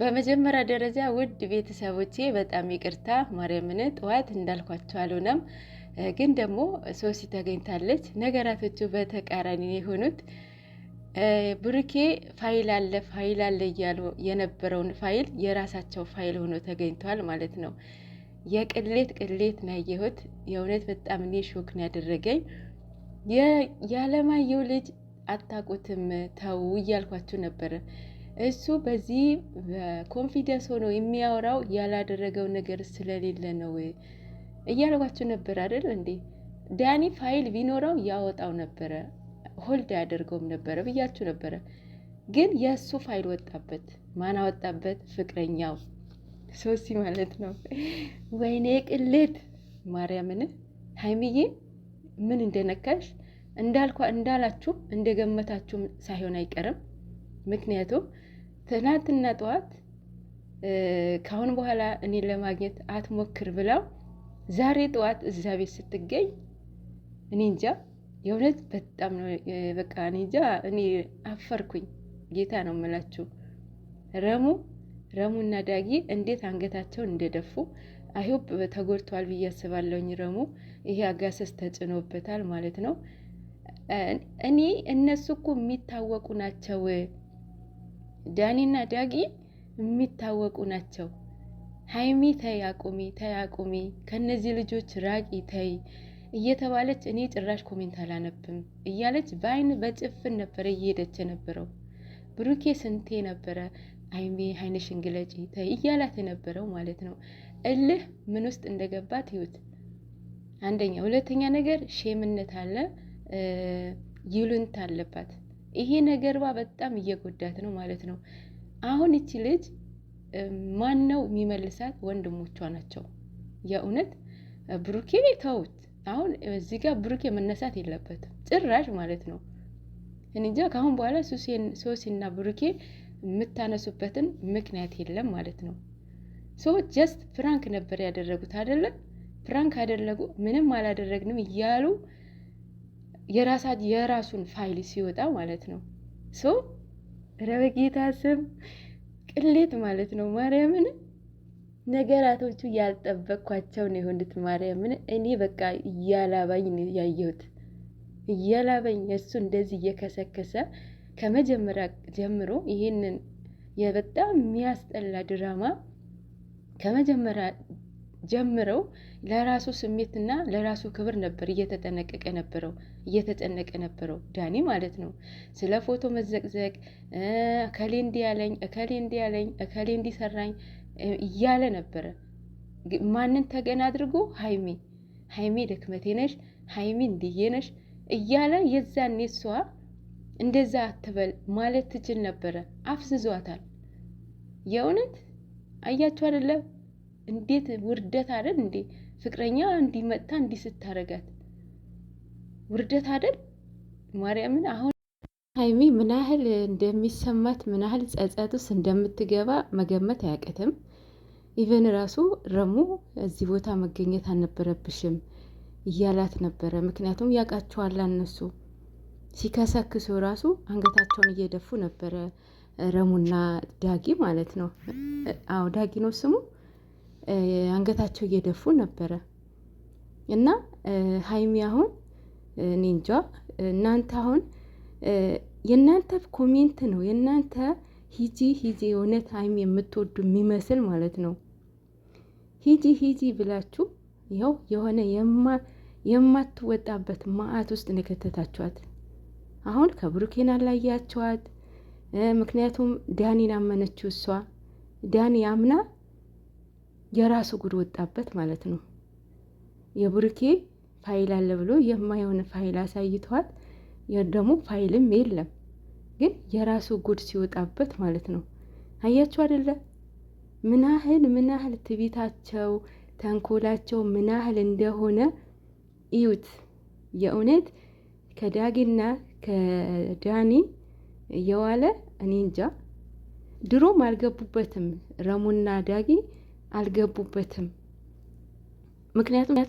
በመጀመሪያ ደረጃ ውድ ቤተሰቦቼ በጣም ይቅርታ ማርያምን ጠዋት እንዳልኳቸው አልሆነም፣ ግን ደግሞ ሶሲ ተገኝታለች። ነገራቶቹ በተቃራኒ የሆኑት ብሩኬ ፋይል አለ ፋይል አለ እያሉ የነበረውን ፋይል የራሳቸው ፋይል ሆኖ ተገኝተዋል ማለት ነው። የቅሌት ቅሌት ነው ያየሁት። የእውነት በጣም እኔ ሾክ ነው ያደረገኝ። የአለማየሁ ልጅ አታውቁትም፣ ተው እያልኳችሁ ነበረ እሱ በዚህ ኮንፊደንስ ሆኖ የሚያወራው ያላደረገው ነገር ስለሌለ ነው እያልኳችሁ ነበር አይደል እንዴ? ዳኒ ፋይል ቢኖረው ያወጣው ነበረ፣ ሆልድ ያደርገውም ነበረ ብያችሁ ነበረ። ግን የእሱ ፋይል ወጣበት። ማን አወጣበት? ፍቅረኛው ሶሲ ማለት ነው። ወይኔ ቅሌት ማርያምን ሀይሚዬ ምን እንደነካሽ እንዳልኳ እንዳላችሁ እንደገመታችሁም ሳይሆን አይቀርም ምክንያቱም ትናንትና ጠዋት ከአሁን በኋላ እኔን ለማግኘት አትሞክር ብለው ዛሬ ጠዋት እዛ ቤት ስትገኝ እኔ እንጃ የእውነት በጣም ነው በቃ እኔ እንጃ እኔ አፈርኩኝ። ጌታ ነው የምላችሁ። ረሙ ረሙና ዳጊ እንዴት አንገታቸውን እንደደፉ አይሆብ ተጎድተዋል ብዬ አስባለሁኝ። ረሙ ይሄ አጋሰስ ተጭኖበታል ማለት ነው። እኔ እነሱ እኮ የሚታወቁ ናቸው ዳኒና ዳጊ የሚታወቁ ናቸው። ሀይሚ ተይ አቁሚ፣ ተይ አቁሚ፣ ከነዚህ ልጆች ራቂ፣ ተይ እየተባለች እኔ ጭራሽ ኮሜንት አላነብም እያለች በአይን በጭፍን ነበረ እየሄደች የነበረው። ብሩኬ ስንቴ ነበረ አይሜ አይንሽን ግለጪ ተይ እያላት የነበረው ማለት ነው። እልህ ምን ውስጥ እንደገባት ትዩት። አንደኛ፣ ሁለተኛ ነገር ሼምነት አለ፣ ይሉንት አለባት። ይሄ ነገርባ በጣም እየጎዳት ነው ማለት ነው። አሁን እቺ ልጅ ማን ነው የሚመልሳት? ወንድሞቿ ናቸው። የእውነት ብሩኬ ተውት። አሁን እዚህ ጋር ብሩኬ መነሳት የለበትም ጭራሽ ማለት ነው። እንጃ ከአሁን በኋላ ሶሲና ብሩኬ የምታነሱበትን ምክንያት የለም ማለት ነው። ሰዎች ጀስት ፍራንክ ነበር ያደረጉት አይደለም? ፍራንክ አደረጉ ምንም አላደረግንም እያሉ የራሱን ፋይል ሲወጣ ማለት ነው። ሶ ኧረ በጌታ ስም ቅሌት ማለት ነው። ማርያምን ነገራቶቹ ያልጠበቅኳቸው ነው የሆኑት። ማርያምን እኔ በቃ እያላባኝ ያየሁት እያላበኝ እሱ እንደዚህ እየከሰከሰ ከመጀመሪያ ጀምሮ ይህንን የበጣም የሚያስጠላ ድራማ ከመጀመሪያ ጀምረው ለራሱ ስሜትና ለራሱ ክብር ነበር እየተጠነቀቀ ነበረው እየተጨነቀ ነበረው ዳኒ ማለት ነው። ስለ ፎቶ መዘቅዘቅ እከሌ እንዲህ ያለኝ እከሌ እንዲህ ያለኝ እከሌ እንዲህ ሰራኝ እያለ ነበረ። ማንን ተገን አድርጎ ሀይሜ ሀይሜ ደክመቴ ነሽ፣ ሀይሜ እንዲዬ ነሽ እያለ የዛኔ እሷ እንደዛ አትበል ማለት ትችል ነበረ። አፍዝዟታል። የእውነት አያችሁ አይደለም እንዴት ውርደት አይደል እንዴ? ፍቅረኛ እንዲመጣ እንዲህ ስታረጋት ውርደት አይደል? ማርያምን አሁን ሀይሚ ምን ያህል እንደሚሰማት ምን ያህል ጸጸት ውስጥ እንደምትገባ መገመት አያቅትም። ኢቨን ራሱ ረሙ እዚህ ቦታ መገኘት አልነበረብሽም እያላት ነበረ። ምክንያቱም ያውቃቸዋል እነሱ ሲከሰክሱ ራሱ አንገታቸውን እየደፉ ነበረ። ረሙና ዳጊ ማለት ነው። አዎ ዳጊ ነው ስሙ። አንገታቸው እየደፉ ነበረ። እና ሀይሚ አሁን እኔ እንጃ እናንተ አሁን የእናንተ ኮሜንት ነው የእናንተ ሂጂ ሂጂ የእውነት ሀይሚ የምትወዱ የሚመስል ማለት ነው። ሂጂ ሂጂ ብላችሁ ይኸው የሆነ የማትወጣበት መዓት ውስጥ ነው አሁን ከብሩኬን አላያችኋት። ምክንያቱም ዳኒን አመነችው እሷ ዳኒ አምና የራሱ ጉድ ወጣበት ማለት ነው። የብሩኬ ፋይል አለ ብሎ የማይሆን ፋይል አሳይቷል ደግሞ ፋይልም የለም ግን የራሱ ጉድ ሲወጣበት ማለት ነው። አያችሁ አደለ? ምን ያህል ምን ያህል ትቢታቸው ተንኮላቸው ምን ያህል እንደሆነ እዩት። የእውነት ከዳጊና ከዳኒ የዋለ እኔ እንጃ ድሮም አልገቡበትም ረሙና ዳጊ አልገቡበትም። ምክንያቱም